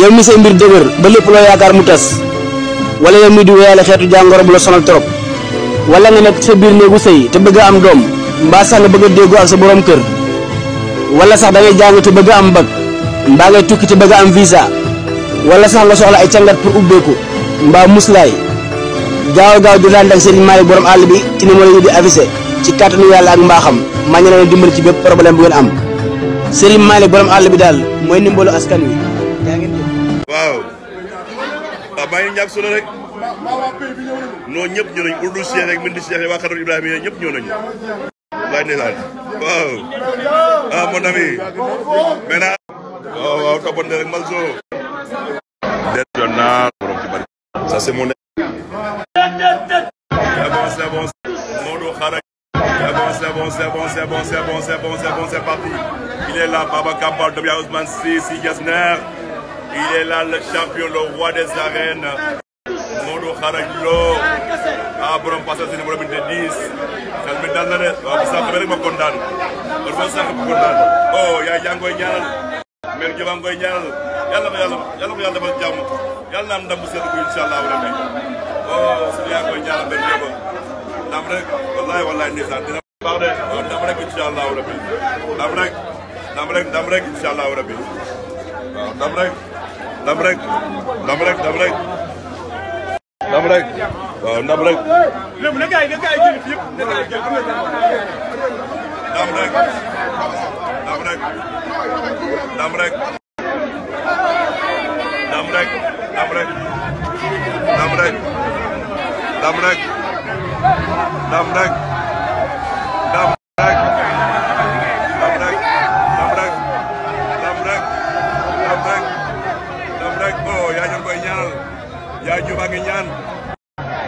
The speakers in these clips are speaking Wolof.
yow mi sey mbir deuguer ba lepp lo yaakar mu tass wala yow mi di wéyale xeetu jangoro bu la sonal torop wala nga nek sa bir neegu sey te bëgg am dom mba sax nga bëgg ak sa borom kër wala sax da ngay te bëgg am mba ngay tukki te bëgg am visa wala sax la soxla ay cangat pour ubbeeku mba muslay gaaw gaaw di daan ak avise, Maalik borom all bi ci ni mo la di avisé ci katanu yalla ak mbaxam ma ñu leen ci bëpp problème bu ngeen am sëriñ malik borom àll bi daal mooy askan wi. Wow. non ah mon ami. Malzo. ça c'est mon. est là Il est champion, le roi des arènes. Modou Xarañ Lo ah borom passé seen borom it 10 xel mi dal na de waaw ah, bu sànq rek ma kontaan kon foofu sànq ma kontaan oh yaay yaa ngi koy ñaanal mère Diop a ngi ndam bu sedd bu incha rabbi oh su yaa ngi koy ñaanal mère Diop ndam rek wallaay wallaay ndeysaan dina baax de oh, ndam rek incha rabbi ndam rek ndam rek ndam rek incha rabbi ndam rek ndam rek ndam rek ndam rek ndam rek waaw ndam rek ndam rek ndam rek ndam rek ndam rek ndam rek ndam rek ndam rek ndam rek Diop a ngi ñaan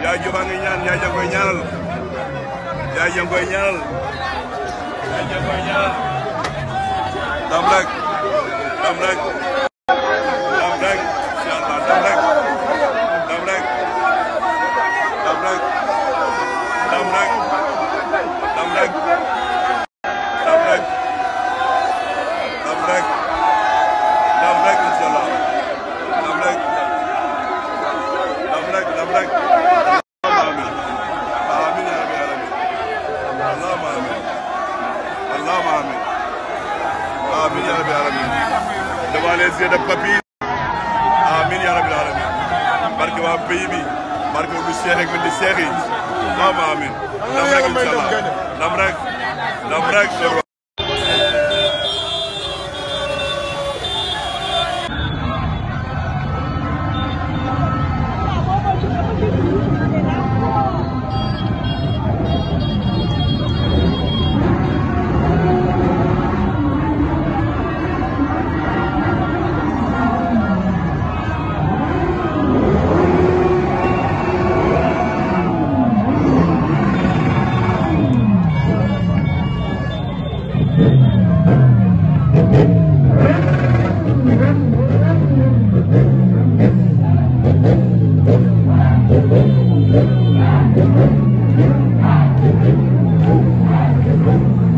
yaay Diop a ngi ñaan yaay jang koy ñaanal yaay jang koy ñaanal yaay jang koy ñaanal dam rek dam amin ya rabbi alamin devant les yeux de papi amin ya rabbi alamin barke waa pays bi barke bu Cheikh ak di Cheikh yi amin ndam rek inshallah ndam rek ndam rek Thank you.